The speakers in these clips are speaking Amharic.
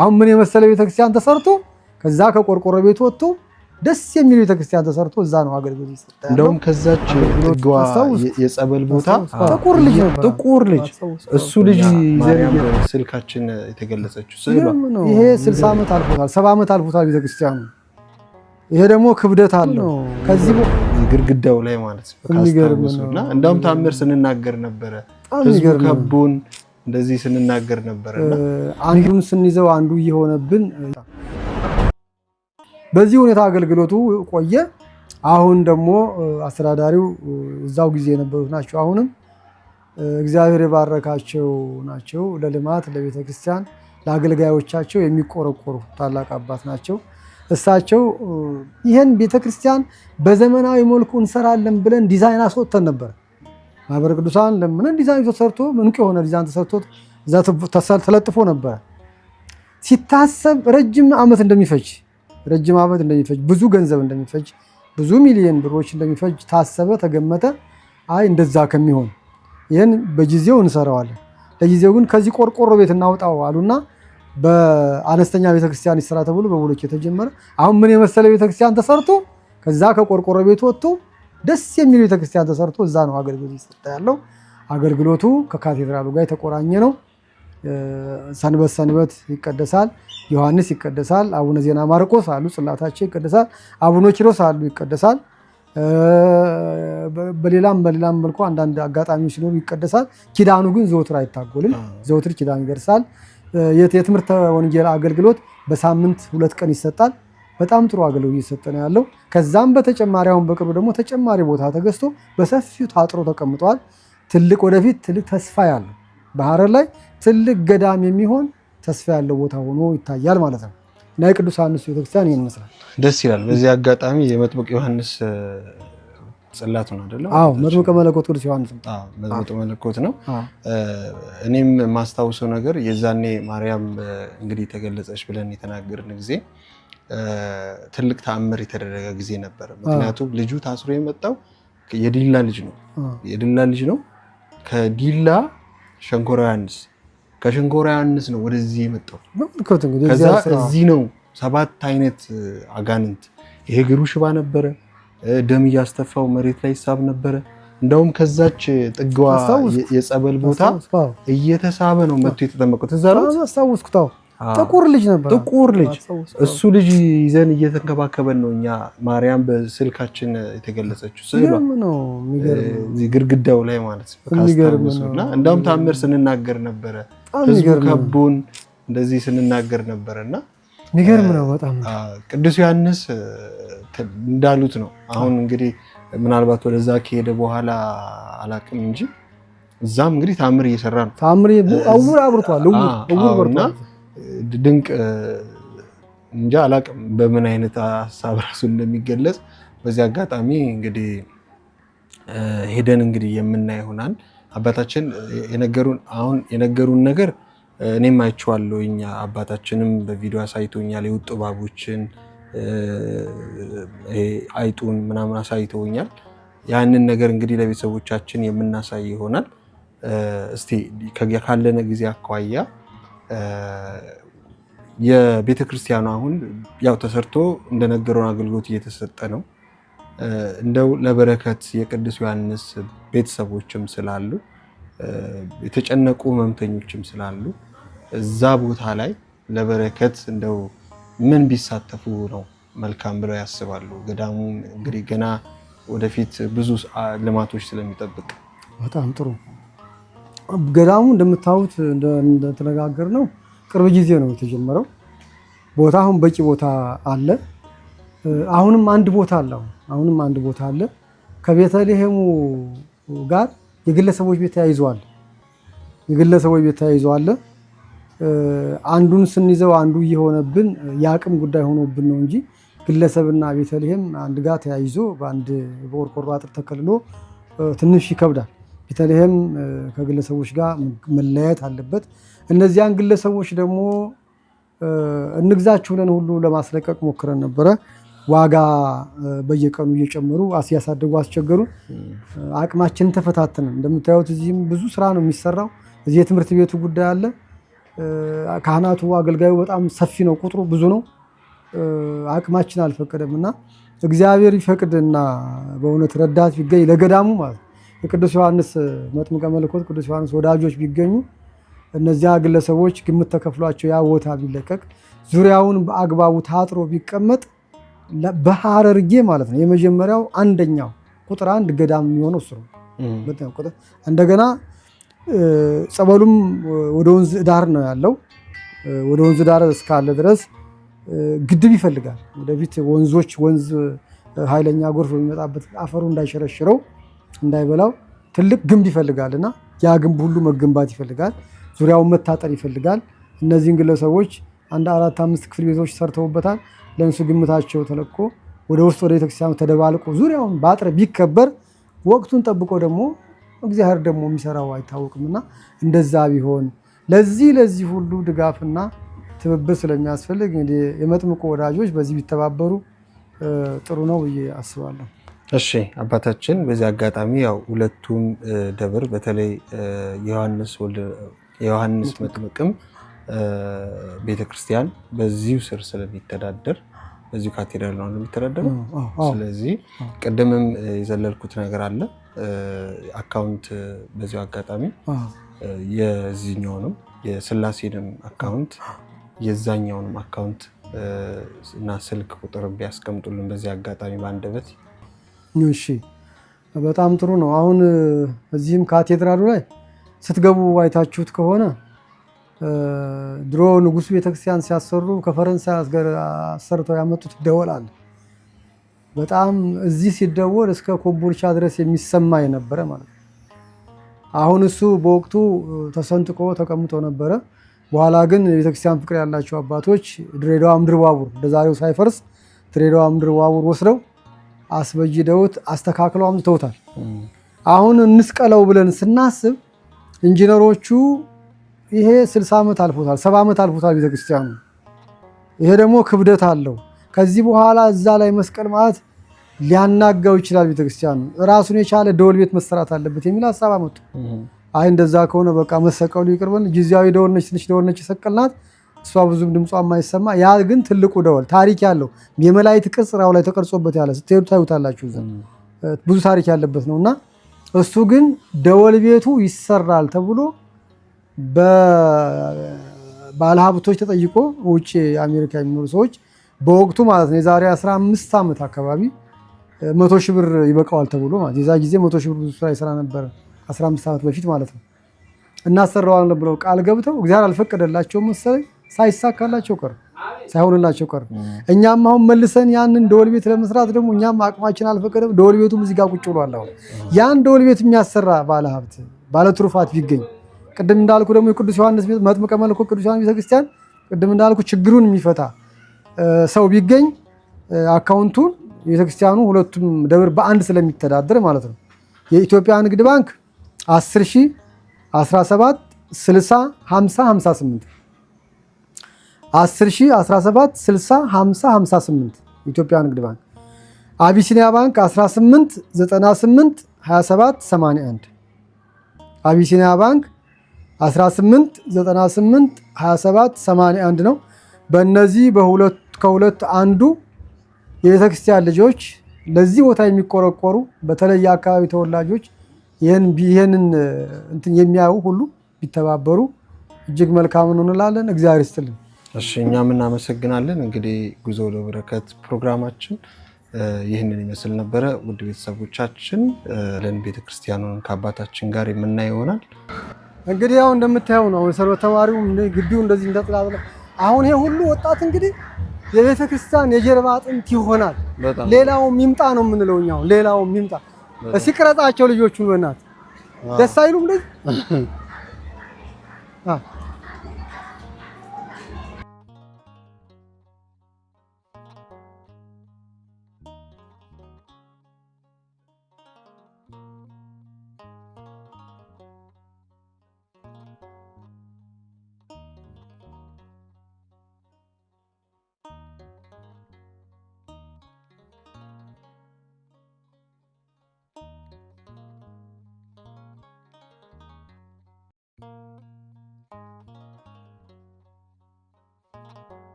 አሁን ምን የመሰለ ቤተክርስቲያን ተሰርቶ ከዛ ከቆርቆሮ ቤት ወጥቶ ደስ የሚል ቤተክርስቲያን ተሰርቶ እዛ ነው አገልግሎት ይሰጣል። እንደውም ከዛች የጸበል ቦታ ጥቁር ልጅ ነው ጥቁር ልጅ እሱ ልጅ ስልካችን የተገለጸችው ይሄ ስልሳ ዓመት አልፎታል፣ ሰባ ዓመት አልፎታል ቤተክርስቲያኑ። ይሄ ደግሞ ክብደት አለው ከዚህ ግድግዳው ላይ ማለት ነው። እንደውም ታምር ስንናገር ነበረ ህዝቡ ከቡን እንደዚህ ስንናገር ነበር። አንዱን ስንይዘው አንዱ እየሆነብን በዚህ ሁኔታ አገልግሎቱ ቆየ። አሁን ደግሞ አስተዳዳሪው እዛው ጊዜ የነበሩት ናቸው። አሁንም እግዚአብሔር የባረካቸው ናቸው። ለልማት ለቤተክርስቲያን፣ ለአገልጋዮቻቸው የሚቆረቆሩ ታላቅ አባት ናቸው። እሳቸው ይህን ቤተክርስቲያን በዘመናዊ መልኩ እንሰራለን ብለን ዲዛይን አስወጥተን ነበር። ማህበረ ቅዱሳን ለምን ዲዛይን ተሰርቶ ምንቅ የሆነ ዲዛይን ተሰርቶ እዛ ተለጥፎ ነበረ። ሲታሰብ ረጅም ዓመት እንደሚፈጅ ረጅም ዓመት እንደሚፈጅ ብዙ ገንዘብ እንደሚፈጅ ብዙ ሚሊዮን ብሮች እንደሚፈጅ ታሰበ፣ ተገመተ። አይ እንደዛ ከሚሆን ይህን በጊዜው እንሰራዋለን፣ ለጊዜው ግን ከዚህ ቆርቆሮ ቤት እናውጣው አሉና በአነስተኛ ቤተክርስቲያን ይሰራ ተብሎ በብሎክ የተጀመረ አሁን ምን የመሰለ ቤተክርስቲያን ተሰርቶ ከዛ ከቆርቆሮ ቤት ወጥቶ ደስ የሚል ቤተክርስቲያን ተሰርቶ እዛ ነው አገልግሎት ይሰጠ ያለው። አገልግሎቱ ከካቴድራሉ ጋር የተቆራኘ ነው። ሰንበት ሰንበት ይቀደሳል፣ ዮሐንስ ይቀደሳል፣ አቡነ ዜና ማርቆስ አሉ፣ ጽላታቸው ይቀደሳል፣ አቡነ ኪሮስ አሉ፣ ይቀደሳል። በሌላም በሌላም መልኩ አንዳንድ አጋጣሚ ሲኖሩ ይቀደሳል። ኪዳኑ ግን ዘወትር አይታጎልም፣ ዘወትር ኪዳን ይደርሳል። የትምህርት ወንጌል አገልግሎት በሳምንት ሁለት ቀን ይሰጣል። በጣም ጥሩ አገልግሎት እየሰጠ ነው ያለው። ከዛም በተጨማሪ አሁን በቅርቡ ደግሞ ተጨማሪ ቦታ ተገዝቶ በሰፊው ታጥሮ ተቀምጧል። ትልቅ ወደፊት ትልቅ ተስፋ ያለው በሀረር ላይ ትልቅ ገዳም የሚሆን ተስፋ ያለው ቦታ ሆኖ ይታያል ማለት ነው እና የቅዱስ ዮሐንስ ቤተክርስቲያን ይህን ይመስላል። ደስ ይላል። በዚህ አጋጣሚ የመጥምቅ ዮሐንስ ጽላት ነው አይደለም? አዎ መጥምቀ መለኮት ቅዱስ ዮሐንስ ነው። መጥምቀ መለኮት ነው። እኔም የማስታውሰው ነገር የዛኔ ማርያም እንግዲህ ተገለጸች ብለን የተናገርን ጊዜ ትልቅ ተአምር የተደረገ ጊዜ ነበረ። ምክንያቱም ልጁ ታስሮ የመጣው የዲላ ልጅ ነው። የዲላ ልጅ ነው። ከዲላ ሸንኮራ ዮሐንስ፣ ከሸንኮራ ዮሐንስ ነው ወደዚህ የመጣው። ከዛ እዚህ ነው ሰባት አይነት አጋንንት። ይሄ ሽባ ነበረ፣ ደም እያስተፋው መሬት ላይ ይሳብ ነበረ። እንደውም ከዛች ጥግዋ የጸበል ቦታ እየተሳበ ነው መቶ የተጠመቁት እዛ ነው ጥቁር ልጅ ነበር። ጥቁር ልጅ እሱ ልጅ ይዘን እየተንከባከበን ነው። እኛ ማርያም በስልካችን የተገለጸችው ስዕሏ ግድግዳው ላይ ማለት እና እንዳውም ታምር ስንናገር ነበረ፣ ህዝቡ ከቡን እንደዚህ ስንናገር ነበረ እና ሚገርም ነው በጣም ቅዱስ ዮሐንስ እንዳሉት ነው። አሁን እንግዲህ ምናልባት ወደዛ ከሄደ በኋላ አላቅም እንጂ እዛም እንግዲህ ታምር እየሰራ ነው። ታምር አውር አብርቷል። ድንቅ እንጃ አላቅም በምን አይነት ሀሳብ ራሱ እንደሚገለጽ። በዚህ አጋጣሚ እንግዲህ ሄደን እንግዲህ የምናይ ይሆናል። አባታችን የነገሩን አሁን የነገሩን ነገር እኔም አይቼዋለሁ። እኛ አባታችንም በቪዲዮ አሳይቶኛል። የውጡ እባቦችን አይጡን ምናምን አሳይተውኛል። ያንን ነገር እንግዲህ ለቤተሰቦቻችን የምናሳይ ይሆናል። እስቲ ካለነ ጊዜ አኳያ የቤተ ክርስቲያኑ አሁን ያው ተሰርቶ እንደነገረውን አገልግሎት እየተሰጠ ነው። እንደው ለበረከት የቅዱስ ዮሐንስ ቤተሰቦችም ስላሉ የተጨነቁ ህመምተኞችም ስላሉ እዛ ቦታ ላይ ለበረከት እንደው ምን ቢሳተፉ ነው መልካም ብለው ያስባሉ? ገዳሙ እንግዲህ ገና ወደፊት ብዙ ልማቶች ስለሚጠብቅ በጣም ጥሩ ገዳሙ እንደምታዩት እንደተነጋገር ነው ቅርብ ጊዜ ነው የተጀመረው። ቦታ አሁን በቂ ቦታ አለ። አሁንም አንድ ቦታ አለ። አሁንም አንድ ቦታ አለ ከቤተልሔሙ ጋር የግለሰቦች ቤት ተያይዘዋል። የግለሰቦች ቤት ተያይዘዋል። አንዱን ስንይዘው አንዱ እየሆነብን የአቅም ጉዳይ ሆኖብን ነው እንጂ ግለሰብና ቤተልሔም አንድ ጋር ተያይዞ በአንድ በቆርቆሮ አጥር ተከልሎ ትንሽ ይከብዳል። በተለይም ከግለሰቦች ጋር መለያየት አለበት። እነዚያን ግለሰቦች ደግሞ እንግዛችሁንን ነን ሁሉ ለማስለቀቅ ሞክረን ነበረ። ዋጋ በየቀኑ እየጨመሩ ያሳደጉ አስቸገሩን። አቅማችን ተፈታትን። እንደምታዩት እዚህም ብዙ ስራ ነው የሚሰራው። እዚህ የትምህርት ቤቱ ጉዳይ አለ። ካህናቱ፣ አገልጋዩ በጣም ሰፊ ነው፣ ቁጥሩ ብዙ ነው። አቅማችን አልፈቀደም እና እግዚአብሔር ይፈቅድና በእውነት ረዳት ቢገኝ ለገዳሙ ማለት ነው የቅዱስ ዮሐንስ መጥምቀ መለኮት ቅዱስ ዮሐንስ ወዳጆች ቢገኙ እነዚያ ግለሰቦች ግምት ተከፍሏቸው ያ ቦታ ቢለቀቅ ዙሪያውን በአግባቡ ታጥሮ ቢቀመጥ በሐረርጌ ማለት ነው የመጀመሪያው አንደኛው ቁጥር አንድ ገዳም የሚሆነው እሱ ነው። እንደገና ጸበሉም ወደ ወንዝ ዳር ነው ያለው። ወደ ወንዝ ዳር እስካለ ድረስ ግድብ ይፈልጋል። ወደፊት ወንዞች ወንዝ ኃይለኛ ጎርፍ በሚመጣበት አፈሩ እንዳይሸረሽረው እንዳይበላው ትልቅ ግንብ ይፈልጋል እና ያ ግንብ ሁሉ መገንባት ይፈልጋል። ዙሪያውን መታጠር ይፈልጋል። እነዚህን ግለሰቦች አንድ አራት አምስት ክፍል ቤቶች ሰርተውበታል። ለእነሱ ግምታቸው ተለቆ ወደ ውስጥ ወደ ቤተክርስቲያኑ ተደባልቆ ዙሪያውን በአጥር ቢከበር ወቅቱን ጠብቆ ደግሞ እግዚአብሔር ደግሞ የሚሰራው አይታወቅምና እንደዛ ቢሆን ለዚህ ለዚህ ሁሉ ድጋፍና ትብብር ስለሚያስፈልግ እንግዲህ የመጥምቁ ወዳጆች በዚህ ቢተባበሩ ጥሩ ነው ብዬ አስባለሁ። እሺ አባታችን በዚህ አጋጣሚ ያው ሁለቱም ደብር በተለይ የዮሐንስ መጥምቅም ቤተክርስቲያን በዚሁ ስር ስለሚተዳደር በዚሁ ካቴድራል ነው የሚተዳደሩ። ስለዚህ ቅድምም የዘለልኩት ነገር አለ አካውንት በዚሁ አጋጣሚ የዚህኛውንም የስላሴንም አካውንት የዛኛውንም አካውንት እና ስልክ ቁጥር ቢያስቀምጡልን በዚህ አጋጣሚ በአንደበት እሺ፣ በጣም ጥሩ ነው። አሁን እዚህም ካቴድራሉ ላይ ስትገቡ አይታችሁት ከሆነ ድሮ ንጉሱ ቤተክርስቲያን ሲያሰሩ ከፈረንሳይ አሰርተው ያመጡት ደወል አለ። በጣም እዚህ ሲደወል እስከ ኮቦልቻ ድረስ የሚሰማ የነበረ ማለት ነው። አሁን እሱ በወቅቱ ተሰንጥቆ ተቀምጦ ነበረ። በኋላ ግን የቤተክርስቲያን ፍቅር ያላቸው አባቶች ድሬዳዋ ምድር ባቡር እንደዛሬው ሳይፈርስ ድሬዳዋ ምድር ባቡር ወስደው አስበጅደውት አስተካክለው አምጥተውታል። አሁን እንስቀለው ብለን ስናስብ ኢንጂነሮቹ ይሄ 60 ዓመት አልፎታል፣ 70 ዓመት አልፎታል ቤተክርስቲያኑ። ይሄ ደግሞ ክብደት አለው። ከዚህ በኋላ እዛ ላይ መስቀል ማለት ሊያናጋው ይችላል ቤተክርስቲያኑ። ራሱን የቻለ ደወል ቤት መሰራት አለበት የሚል ሀሳብ አመጡ። አይ እንደዛ ከሆነ በቃ መሰቀሉ ይቅርብን፣ ጊዜያዊ ደወል ነች፣ ትንሽ ደወል ነች የሰቀልናት እሷ ብዙም ድምጿ የማይሰማ ያ ግን ትልቁ ደወል ታሪክ ያለው የመላእክት ቅርጽ ራው ላይ ተቀርጾበት ያለ ስትሄዱ ታዩታላችሁ። ብዙ ታሪክ ያለበት ነው እና እሱ ግን ደወል ቤቱ ይሰራል ተብሎ በባለሀብቶች ተጠይቆ ውጭ አሜሪካ የሚኖሩ ሰዎች በወቅቱ ማለት ነው የዛሬ 15 ዓመት አካባቢ መቶ ሺህ ብር ይበቃዋል ተብሎ ማለት የዛ ጊዜ መቶ ሺህ ብር ብዙ ስራ ይሰራ ነበር፣ 15 ዓመት በፊት ማለት ነው። እናሰራዋለን ብለው ቃል ገብተው እግዚአብሔር አልፈቀደላቸውም መሰለኝ ሳይሳካላቸው ቀር ሳይሆንላቸው ቀር እኛም አሁን መልሰን ያንን ደወል ቤት ለመስራት ደግሞ እኛም አቅማችን አልፈቀደም። ደወል ቤቱም እዚህ ጋር ቁጭ ብሏል። አሁን ያን ደወል ቤት የሚያሰራ ባለ ሀብት ባለ ትሩፋት ቢገኝ ቅድም እንዳልኩ ደግሞ የቅዱስ ዮሐንስ መጥምቀ መለኮት ቅዱስ ዮሐንስ ቤተክርስቲያን ቅድም እንዳልኩ ችግሩን የሚፈታ ሰው ቢገኝ አካውንቱን ቤተክርስቲያኑ ሁለቱም ደብር በአንድ ስለሚተዳደር ማለት ነው። የኢትዮጵያ ንግድ ባንክ 10 17 60 50 58 10 60 50 58 ኢትዮጵያ ንግድ ባንክ አቢሲኒያ ባንክ 18 98 27 81 አቢሲኒያ ባንክ 18 98 27 81 ነው። በእነዚህ በሁለት ከሁለት አንዱ የቤተክርስቲያን ልጆች ለዚህ ቦታ የሚቆረቆሩ በተለይ አካባቢ ተወላጆች ይህንን የሚያዩ ሁሉ ቢተባበሩ እጅግ መልካም እንላለን። እግዚአብሔር ይስጥልን። እሺ እኛም እናመሰግናለን። እንግዲህ ጉዞ ወደ በረከት ፕሮግራማችን ይህንን ይመስል ነበረ። ውድ ቤተሰቦቻችን ለን ቤተክርስቲያኑን ከአባታችን ጋር የምናይ ይሆናል። እንግዲህ ያው እንደምታየው ነው። አሁን ተማሪው ግቢው እንደዚህ እንደጥላጥለ አሁን ይሄ ሁሉ ወጣት እንግዲህ የቤተክርስቲያን የጀርባ አጥንት ይሆናል። ሌላው ሚምጣ ነው የምንለው እኛው ሌላው ሚምጣ ሲቅረጻቸው ልጆቹን በእናት ደስ አይሉም እንደዚህ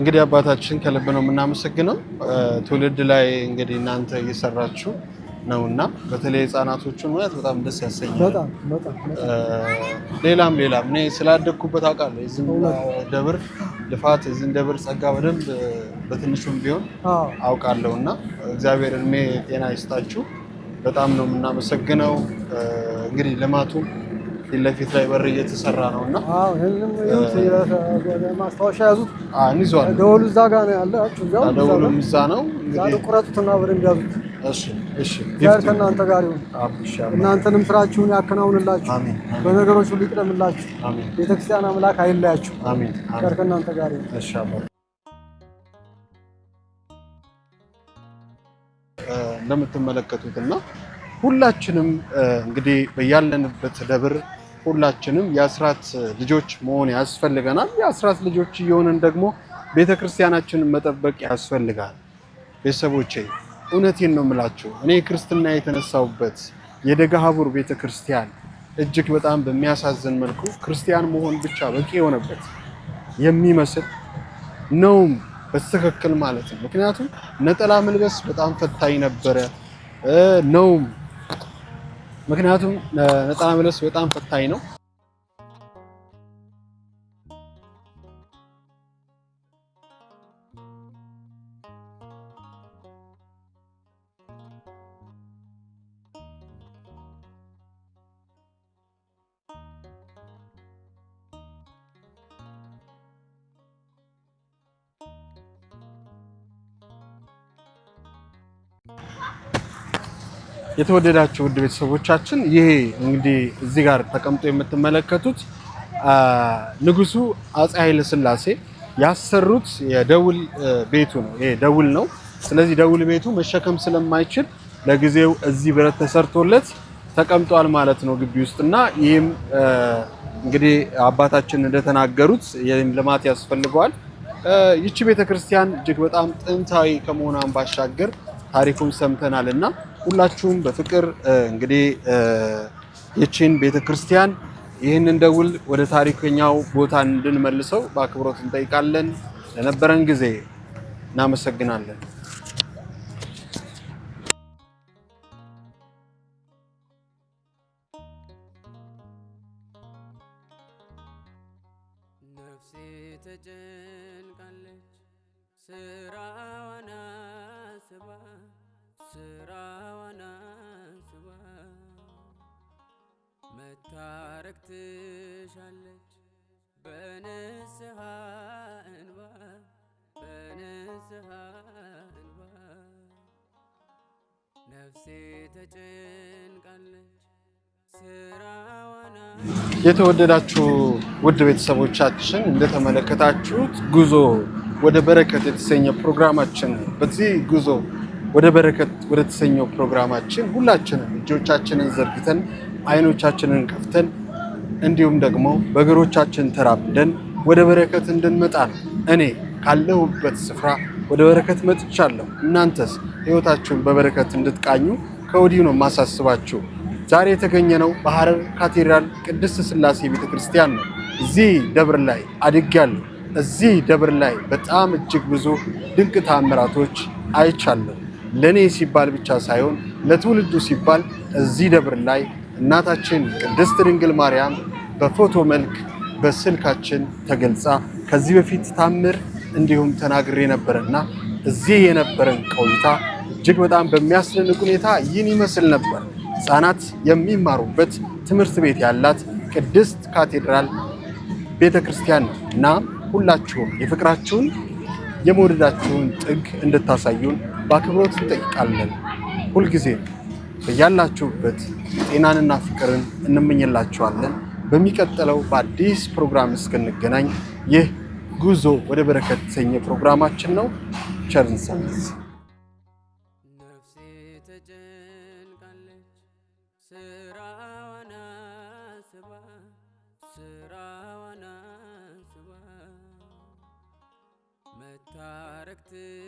እንግዲህ አባታችን ከልብ ነው የምናመሰግነው። ትውልድ ላይ እንግዲህ እናንተ እየሰራችሁ እና በተለይ ህፃናቶቹን ማለት በጣም ደስ ያሰኛል። ሌላም ሌላም እኔ ስላደግኩበት አውቃለሁ። የዚህም ደብር ልፋት የዚህን ደብር ጸጋ በደንብ በትንሹም ቢሆን አውቃለሁ እና እግዚአብሔር እድሜ ጤና ይስጣችሁ። በጣም ነው የምናመሰግነው። እንግዲህ ልማቱም ፊት ለፊት ላይ በር እየተሰራ ነው እና ማስታወሻ ያዙት ይዟል። ደወሉ እዛ ጋ ነው ያለ። ደወሉም እዛ ነው። ቁረጡትና በደንብ ያዙት። እግዚአብሔር ከእናንተ ጋር ይሁን። እናንተንም ስራችሁን ያከናውንላችሁ፣ በነገሮች ሁሉ ይቅደምላችሁ። ቤተክርስቲያን አምላክ አይለያችሁ። እግዚአብሔር ከእናንተ ጋር ይሁን። እንደምትመለከቱት እና ሁላችንም እንግዲህ በያለንበት ደብር ሁላችንም የአስራት ልጆች መሆን ያስፈልገናል። የአስራት ልጆች እየሆንን ደግሞ ቤተክርስቲያናችንን መጠበቅ ያስፈልጋል። ቤተሰቦቼ እውነቴን ነው የምላችሁ። እኔ ክርስትና የተነሳሁበት የደጋሀቡር ቤተክርስቲያን እጅግ በጣም በሚያሳዝን መልኩ ክርስቲያን መሆን ብቻ በቂ የሆነበት የሚመስል ነውም በትክክል ማለት ነው። ምክንያቱም ነጠላ መልበስ በጣም ፈታኝ ነበረ ነውም ምክንያቱም ነጠላ መልበስ በጣም ፈታኝ ነው። የተወደዳቸው ውድ ቤተሰቦቻችን ይሄ እንግዲህ እዚህ ጋር ተቀምጦ የምትመለከቱት ንጉሱ አፄ ኃይለ ስላሴ ያሰሩት የደውል ቤቱ ነው። ይሄ ደውል ነው። ስለዚህ ደውል ቤቱ መሸከም ስለማይችል ለጊዜው እዚህ ብረት ተሰርቶለት ተቀምጧል ማለት ነው ግቢ ውስጥ እና ይህም እንግዲህ አባታችን እንደተናገሩት ይህም ልማት ያስፈልገዋል። ይቺ ቤተክርስቲያን እጅግ በጣም ጥንታዊ ከመሆኗን ባሻገር ታሪኩን ሰምተናል እና ሁላችሁም በፍቅር እንግዲህ ይችን ቤተክርስቲያን ይህንን ደውል ወደ ታሪከኛው ቦታ እንድንመልሰው በአክብሮት እንጠይቃለን። ለነበረን ጊዜ እናመሰግናለን። ታረግ ትሻለች በንስሐ እንባ በንስሐ እንባ የተወደዳችሁ ውድ ቤተሰቦቻችን እንደተመለከታችሁት ጉዞ ወደ በረከት የተሰኘ ፕሮግራማችን በዚህ ጉዞ ወደ በረከት ወደ ተሰኘው ፕሮግራማችን ሁላችንም እጆቻችንን ዘርግተን አይኖቻችንን ከፍተን እንዲሁም ደግሞ በእግሮቻችን ተራምደን ወደ በረከት እንድንመጣ ነው። እኔ ካለሁበት ስፍራ ወደ በረከት መጥቻለሁ። እናንተስ ህይወታችሁን በበረከት እንድትቃኙ ከወዲሁ ነው የማሳስባችሁ። ዛሬ የተገኘነው በሐረር ካቴድራል ቅድስት ስላሴ ቤተ ክርስቲያን ነው። እዚህ ደብር ላይ አድጌያለሁ። እዚህ ደብር ላይ በጣም እጅግ ብዙ ድንቅ ታምራቶች አይቻለሁ። ለእኔ ሲባል ብቻ ሳይሆን ለትውልዱ ሲባል እዚህ ደብር ላይ እናታችን ቅድስት ድንግል ማርያም በፎቶ መልክ በስልካችን ተገልጻ ከዚህ በፊት ታምር እንዲሁም ተናግሬ ነበረና እዚህ የነበረን ቆይታ እጅግ በጣም በሚያስደንቅ ሁኔታ ይህን ይመስል ነበር። ህፃናት የሚማሩበት ትምህርት ቤት ያላት ቅድስት ካቴድራል ቤተ ክርስቲያን እና ሁላችሁም የፍቅራችሁን የመውደዳችሁን ጥግ እንድታሳዩን በአክብሮት እንጠይቃለን። ሁልጊዜ በያላችሁበት ጤናንና ፍቅርን እንመኝላችኋለን። በሚቀጥለው በአዲስ ፕሮግራም እስክንገናኝ ይህ ጉዞ ወደ በረከት የተሰኘ ፕሮግራማችን ነው። ቸር bıraktı